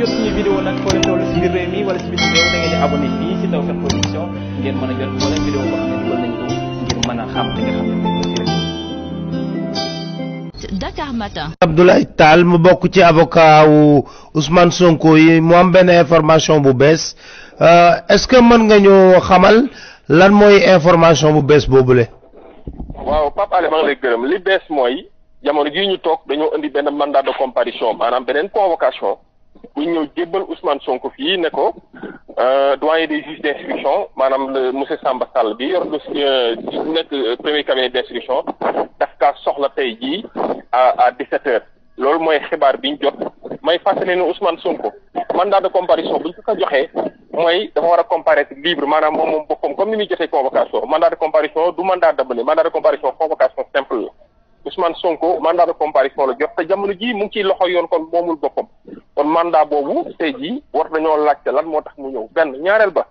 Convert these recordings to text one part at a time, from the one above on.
jot suñu vidéo mu bokk ci avocat wu Ousmane yi mu am benn information bu bees euh, est-ce que mën nga ñu xamal lan mooy information bu bees boobule. waaw Pape Alé maa ngi lay li bees mooy jamono jii ñu toog dañoo indi benn mandat de comparution maanaam beneen convocation. ñu ñëw jébbal Ousmane Sonko fii ne ko euh, doyen des juges d'instruction maanaam le monsieur Samba Sall bi yor dossier euh, nekk euh, premier cabinet d'instruction daf kaa soxla tey jii a à 17 heures loolu mooy xibaar bi ñu jot may fàttali ne Ousmane Sonko mandat de comparution bu ñu ko joxee mooy dafa war a comparaître libre maanaam moom moom boppam comme ni muy jotee convocation mandat de comparution du mandat d'amener mandat de comparution convocation simple la Ousmane Sonko mandat de jamono jii mu ngi ciy loxo yoon kon moomul boppam kon mandat boobu tey jii war nañoo laajte lan moo tax mu ñëw benn ñaareel ba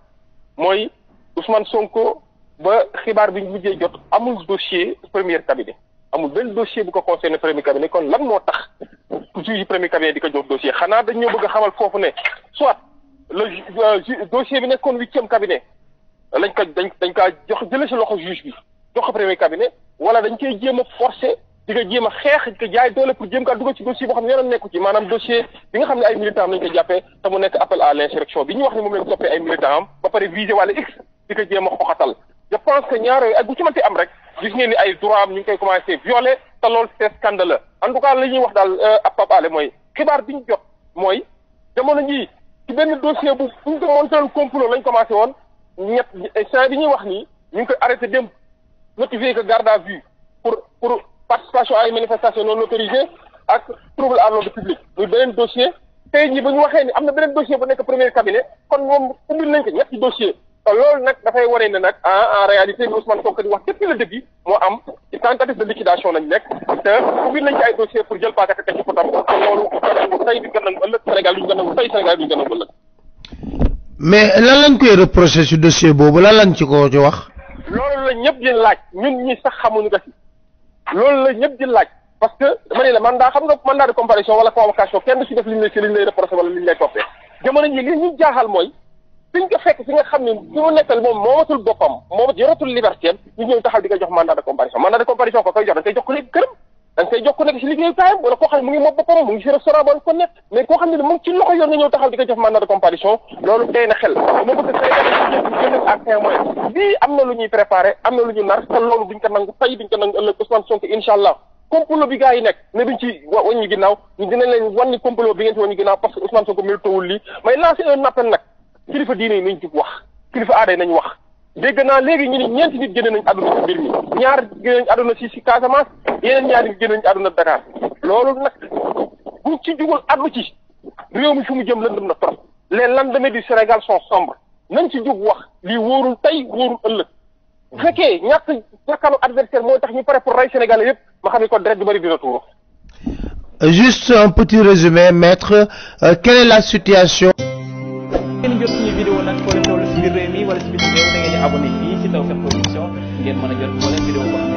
mooy Ousmane Sonko ba xibaar bi ñu mujjee jot amul dossier premier cabinet amul benn dossier bu ko concerné premier cabinet kon lan moo tax juge premier cabinet di ko jox dossier xanaa dañ ñoo bëgg a xamal foofu ne soit le euh, dossier bi nekkoon huitième cabinet lañ ko dañ dañ kaa jox jëlee si loxo juge bi jox ko premier wala dañ koy jéem a forcer. di ko jéem a xeex di ko jaay doole pour jéem kaa dugal ci dossier boo xam ne yoonam nekku ci maanaam dossier bi nga xam ne ay militant am lañu ko jàppee te mu nekk appel à l'insurrection bi ñu wax ne moom ko jéem a xoxatal la ñuy wax daal euh, ab Pape Alé mooy xibaar bi ñu jot ko commencé woon ñett bi ñuy wax nii ñu ngi koy arrêté démb notifié garde à vue pour pour participation à ay manifestation non autorisée ak trouble à l'ordre public muy beneen dossier tey jii bu ñu waxee ni am na beneen dossier bu nekk premier cabinet kon moom ubbil nañ ko ñetti dossier loolu nag dafay waree ne nag en ah, en réalité li Ousmane Sonko di wax képp la dëgg moo am ci tentative de liquidation lañ nekk te ubbil nañ ci ay dossier pour jël paaka teg ci potam te loolu gànnaaw tey bi gànnaaw ëllëg Sénégal duñ gànnaaw tey Sénégal duñ gànnaaw ëllëg. mais lan lañ ñëpp di ñun ñi sax xamuñu ko loolu la ñëpp di laaj parce que dama ne la mandat xam nga mandat de comparution wala convocation kenn du si def liñ lay si liñ lay reproché wala liñ lay toppee jamono ji li ñu jaaxal mooy fiñ ko fekk fi nga xam ne fi mu nekkal moom moomatul boppam moomat yoratul liberté ñu ñëw taxaw di ko jox mandat de comparution mandat de comparution ko koy jox dañ koy jox ko léegi këram da nga koy jox ko nekk si liggéeyu kaayam wala koo xam ne mu ngi moom boppam mu ngi si restaurant wala ko nekk mais koo xam ne mu ngi ci loxo yoon nga ñëw taxaw di ko jox mandat de comparution loolu tey na xel dama am na lu ñuy préparé am na lu ñu nar te loolu duñ ko nangu tey duñ ko nangu ëllëg Ousmane Sonko incha allah complot bi gars yi nekk ne duñ ci waññu ginnaaw ñu dinañ leen wan ni complot bi ngeen ci waññu ginnaaw parce que Ousmane Sonko dégg naa léegi ñu ni ñeenti nit génne nañ àdduna ci mbir mi ñaar génne nañ àdduna si si Casamance yeneen ñaar nit génne nañ àdduna Dakar loolu nag buñ ci jugul àddu ci réew mi fi mu jëm lëndëm na trop les lendemains du Sénégal sont sombres nañ ci jug wax lii wóorul tey wóorul ëllëg bu fekkee ñàkk ñàkkalu adversaire mooy tax ñu pare pour rey Sénégal yëpp ma xam ne ko deret du bëri dina tuuru. Juste un petit résumé maître euh, quelle est la situation. ngeen abonné fii ci Tawfekh Production ngeen mën a jot moo leen vidéo boo